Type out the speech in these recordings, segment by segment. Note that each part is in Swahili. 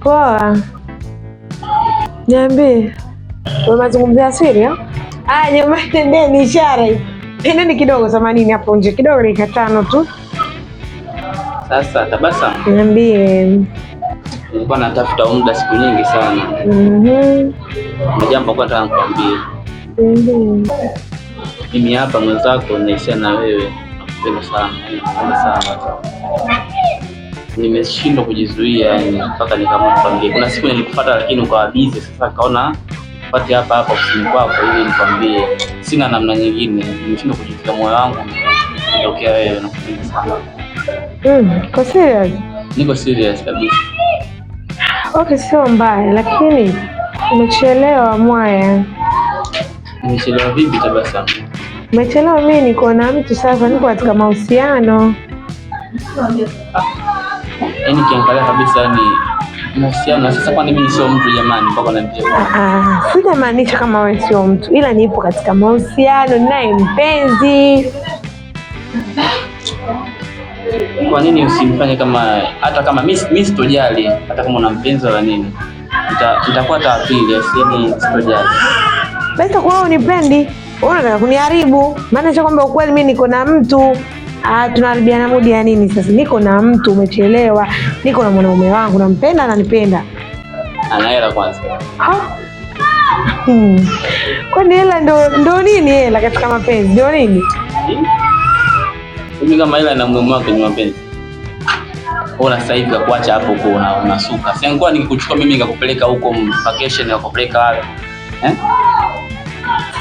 Poa. Niambie. Mazungumzo ya siri? Ah, jamani deni ishara. Nini kidogo themanini hapo nje kidogo dakika tano tu. Sasa tabasamu. Niambie. Nilikuwa natafuta muda siku nyingi sana. Mhm. Jambo kwa nataka nikwambie. Mhm. Mimi hapa mwenzako naishia na wewe. Nakupenda sana. sana nimeshindwa kujizuia mpaka nikaamua nikwambie. Kuna siku nilikufuata, lakini ukawa busy, sasa kaona pati hapa hapa ofisini kwako ili nikwambie. Sina namna nyingine, nimeshindwa kujizuia, moyo wangu ndokea wewe. na Nakupenda sana. Mm, kwa serious? Niko serious kabisa. Okay, sio mbaya, lakini umechelewa mwaya. Umechelewa vipi tabasamu? Umechelewa, mimi niko na mtu sasa, niko katika mahusiano. Ah, yani kiangalia kabisa ni mahusiano. Sasa kwani mimi sio mtu jamani? Mpaka ah, sijamaanisha kama wewe sio mtu, ila nipo katika mahusiano naye mpenzi. Kwa nini usimfanye kama hata kama mimi sitojali, hata kama una mpenzi wala nini, nitakuwa ta pili, yani sitojali basi. Kwa hiyo unipendi, unataka kuniharibu? Maana sio kwamba ukweli, mimi niko na mtu ah, tunaharibiana mudi ya nini sasa? Niko na mtu, umechelewa. Niko na mwanaume wangu, nampenda, ananipenda. Ana hela kwanza. Hmm. Kwani hela ndo, ndo nini hela katika mapenzi ndo nini? Mimi kama hela na mume wake ni mapenzi. Bora sasa hivi kuacha hapo uko unasuka. Sasa ningekuwa nikikuchukua mimi nikakupeleka huko vacation nikakupeleka wapi? Eh?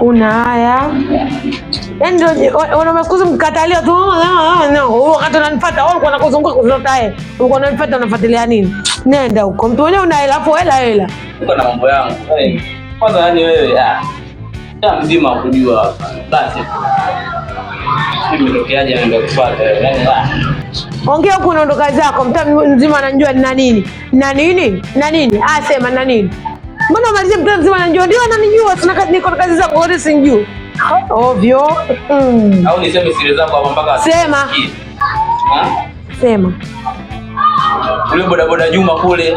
una haya yani, wanamekuzi mkatalia tu ah, ah, ah, wakati unanifata ulikuwa oh, nakuzunguka kuzota yeye eh, ulikuwa unanifata unafuatilia nini? Nenda huko mtu mwenyewe una hela afu hela hela, uko na mambo yangu kwanza. Yani wewe ah, mzima kujua basi mimi Naenda kufuata yani ongea huko, unaondoka zako, mtaa mzima anajua ni na nini na nini na nini, asema na nini Mbona umalizie mtu mzima anajua? Ndio ananijua, niko na kazi zangu wote sinijui. Ovyo. Mm. Au niseme siri zako hapa mpaka sema. Sema. Yule boda Juma kule.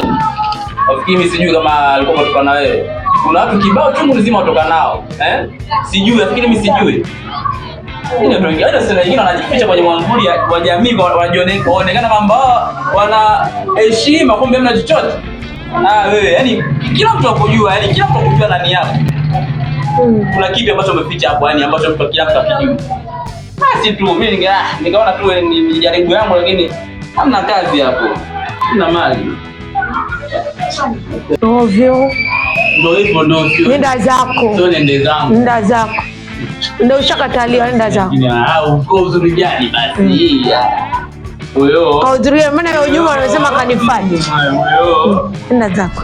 Nafikiri mimi sijui kama alikuwa kutoka na wewe. Kuna watu kibao chungu nzima watoka nao, eh? Sijui, nafikiri mimi sijui. Ile ndio ingine sasa nyingine wanajificha kwenye mwanguli wa jamii wanajiona wanaonekana kwamba wana heshima kumbe mna chochote. Ah, wewe yani kila mtu akujua, yani kila mtu akujua nani yako. Mm. Kuna kipi ambacho umeficha hapo yani ambacho mtu kila mtu akijua. Basi tu mimi nikaona ah, tu ni jaribu yangu lakini hamna kazi hapo. Kuna mali. Ovyo. Ndio hivyo ndio. Nenda zako. Ndio nende zangu. Nenda zako. Ndio ushakatalia nenda zako. Ah, uko uzuri gani basi. Hmm. Ah. Kwa oh, hudhuria maana ya ujuma anasema kanifanye. Nenda zako.